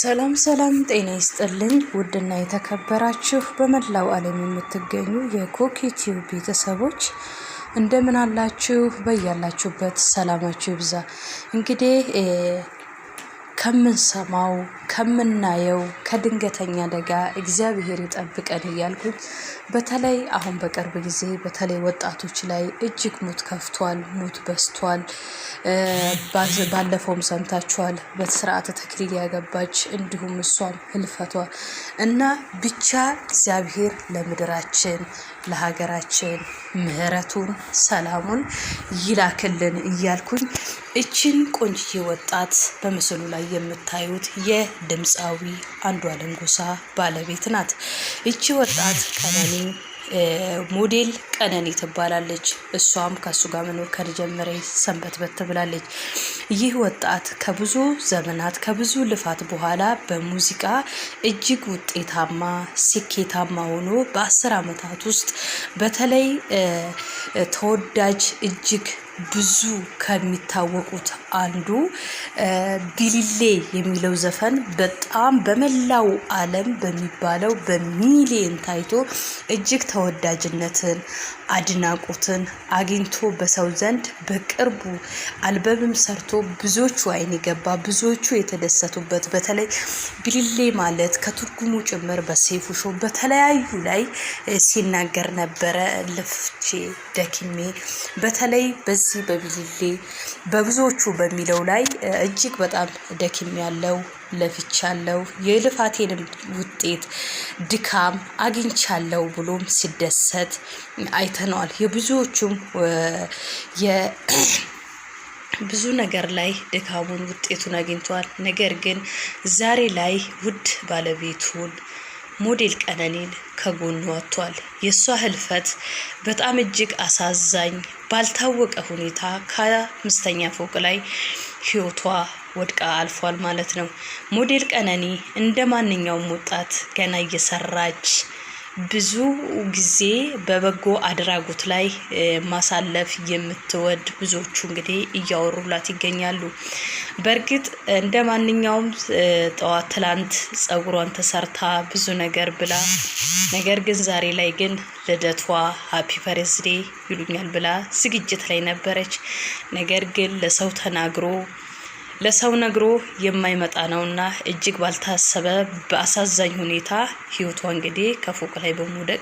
ሰላም ሰላም፣ ጤና ይስጥልኝ ውድና የተከበራችሁ በመላው ዓለም የምትገኙ የኮኪቲው ቤተሰቦች እንደምን አላችሁ? በያላችሁበት ሰላማችሁ ይብዛ። እንግዲህ ከምንሰማው ከምናየው ከድንገተኛ አደጋ እግዚአብሔር ይጠብቀን እያልኩኝ በተለይ አሁን በቅርብ ጊዜ በተለይ ወጣቶች ላይ እጅግ ሞት ከፍቷል፣ ሞት በስቷል ባለፈውም ሰምታችኋል። በስርዓተ ተክሊል ያገባች እንዲሁም እሷም ህልፈቷ እና ብቻ እግዚአብሔር ለምድራችን ለሀገራችን ምህረቱን ሰላሙን ይላክልን እያልኩኝ እችን ቆንጅዬ ወጣት በምስሉ ላይ የምታዩት የድምፃዊ አንዷለም ጎሳ ባለቤት ናት። እቺ ወጣት ቀነኒ ሞዴል ቀነኒ ትባላለች። እሷም ከእሱ ጋር መኖር ከጀመረ ሰንበት በት ይህ ወጣት ከብዙ ዘመናት ከብዙ ልፋት በኋላ በሙዚቃ እጅግ ውጤታማ ስኬታማ ሆኖ በአስር ዓመታት ውስጥ በተለይ ተወዳጅ እጅግ ብዙ ከሚታወቁት አንዱ ቢሊሌ የሚለው ዘፈን በጣም በመላው ዓለም በሚባለው በሚሊየን ታይቶ እጅግ ተወዳጅነትን አድናቆትን አግኝቶ በሰው ዘንድ በቅርቡ አልበምም ሰርቶ ብዙዎቹ አይን የገባ ብዙዎቹ የተደሰቱበት በተለይ ቢሊሌ ማለት ከትርጉሙ ጭምር በሴፉ ሾ በተለያዩ ላይ ሲናገር ነበረ። ልፍቼ ደክሜ በተለይ በዚህ በዚህ በቢሊሌ በብዙዎቹ በሚለው ላይ እጅግ በጣም ደክም ያለው ለፍቻለው የልፋቴንም ውጤት ድካም አግኝቻለው ብሎም ሲደሰት አይተነዋል። የብዙዎቹም ብዙ ነገር ላይ ድካሙን ውጤቱን አግኝቷል። ነገር ግን ዛሬ ላይ ውድ ባለቤቱን ሞዴል ቀነኒን ከጎኑ ወጥቷል። የእሷ ህልፈት በጣም እጅግ አሳዛኝ፣ ባልታወቀ ሁኔታ ከአምስተኛ ፎቅ ላይ ህይወቷ ወድቃ አልፏል ማለት ነው። ሞዴል ቀነኒ እንደ ማንኛውም ወጣት ገና እየሰራች ብዙ ጊዜ በበጎ አድራጎት ላይ ማሳለፍ የምትወድ ብዙዎቹ እንግዲህ እያወሩላት ይገኛሉ። በእርግጥ እንደ ማንኛውም ጠዋት ትላንት ጸጉሯን ተሰርታ ብዙ ነገር ብላ፣ ነገር ግን ዛሬ ላይ ግን ልደቷ ሀፒ በርዝዴ ይሉኛል ብላ ዝግጅት ላይ ነበረች። ነገር ግን ለሰው ተናግሮ ለሰው ነግሮ የማይመጣ ነውና እጅግ ባልታሰበ በአሳዛኝ ሁኔታ ህይወቷ እንግዲህ ከፎቅ ላይ በመውደቅ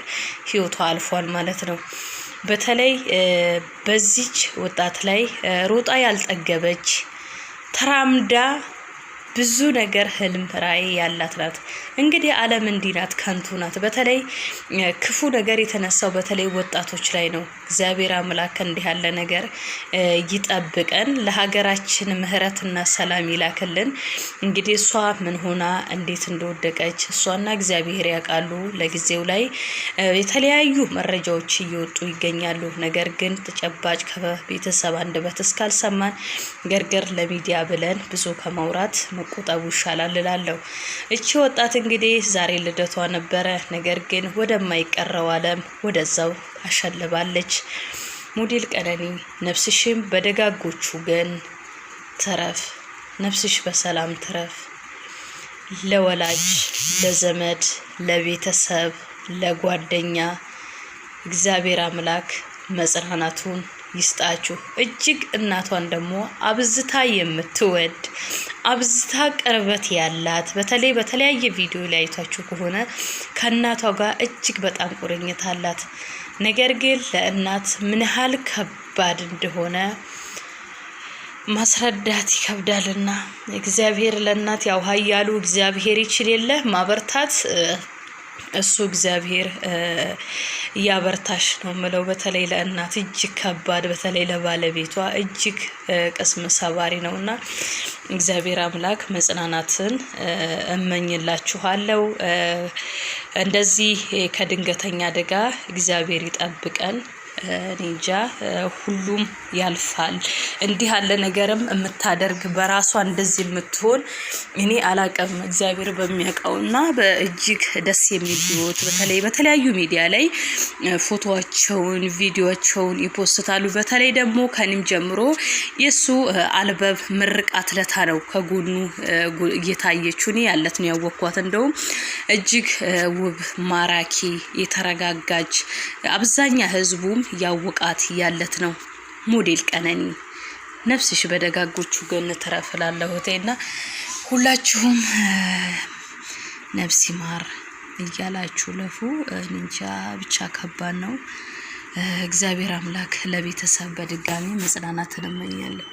ህይወቷ አልፏል ማለት ነው። በተለይ በዚች ወጣት ላይ ሮጣ ያልጠገበች ተራምዳ ብዙ ነገር ህልም ራዕይ ያላት ናት። እንግዲህ ዓለም እንዲህ ናት፣ ከንቱ ናት። በተለይ ክፉ ነገር የተነሳው በተለይ ወጣቶች ላይ ነው። እግዚአብሔር አምላክ እንዲህ ያለ ነገር ይጠብቀን፣ ለሀገራችን ምሕረትና ሰላም ይላክልን። እንግዲህ እሷ ምን ሆና እንዴት እንደወደቀች እሷና እግዚአብሔር ያውቃሉ። ለጊዜው ላይ የተለያዩ መረጃዎች እየወጡ ይገኛሉ። ነገር ግን ተጨባጭ ከቤተሰብ አንደበት እስካልሰማን ገርገር ለሚዲያ ብለን ብዙ ከማውራት መቆጠቡ ይሻላል እላለሁ። እቺ ወጣት እንግዲህ ዛሬ ልደቷ ነበረ። ነገር ግን ወደማይቀረው ዓለም ወደዛው አሸልባለች። ሞዴል ቀነኒ ነፍስሽም በደጋጎቹ ገን ትረፍ፣ ነፍስሽ በሰላም ትረፍ። ለወላጅ ለዘመድ፣ ለቤተሰብ፣ ለጓደኛ እግዚአብሔር አምላክ መጽናናቱን ይስጣችሁ። እጅግ እናቷን ደግሞ አብዝታ የምትወድ አብዝታ ቅርበት ያላት በተለይ በተለያየ ቪዲዮ ላይ አይታችሁ ከሆነ ከእናቷ ጋር እጅግ በጣም ቁርኝት አላት። ነገር ግን ለእናት ምን ያህል ከባድ እንደሆነ ማስረዳት ይከብዳልና እግዚአብሔር ለእናት ያውሃ እያሉ እግዚአብሔር ይችል የለ ማበርታት እሱ እግዚአብሔር እያበርታሽ ነው ምለው። በተለይ ለእናት እጅግ ከባድ፣ በተለይ ለባለቤቷ እጅግ ቅስም ሰባሪ ነው እና እግዚአብሔር አምላክ መጽናናትን እመኝላችኋለው። እንደዚህ ከድንገተኛ አደጋ እግዚአብሔር ይጠብቀን። እንጃ ሁሉም ያልፋል። እንዲህ ያለ ነገርም የምታደርግ በራሷ እንደዚህ የምትሆን እኔ አላቀም እግዚአብሔር በሚያውቀው እና በእጅግ ደስ የሚል በተለይ በተለያዩ ሚዲያ ላይ ፎቶቸውን ቪዲዮቸውን ይፖስታሉ። በተለይ ደግሞ ከእኔም ጀምሮ የእሱ አልበብ ምርቃት ለታ ነው ከጎኑ እየታየች እኔ ያለት ነው ያወቅኳት። እንደውም እጅግ ውብ ማራኪ የተረጋጋች አብዛኛ ህዝቡም ያወቃት ያለት ነው ሞዴል ቀነኒ ነፍስሽ በደጋጎቹ ገነት ተረፍላለሁ እና ሁላችሁም ነፍስ ይማር እያላችሁ ለፉ። እንጃ ብቻ ከባድ ነው። እግዚአብሔር አምላክ ለቤተሰብ በድጋሚ መጽናናትን እመኛለሁ።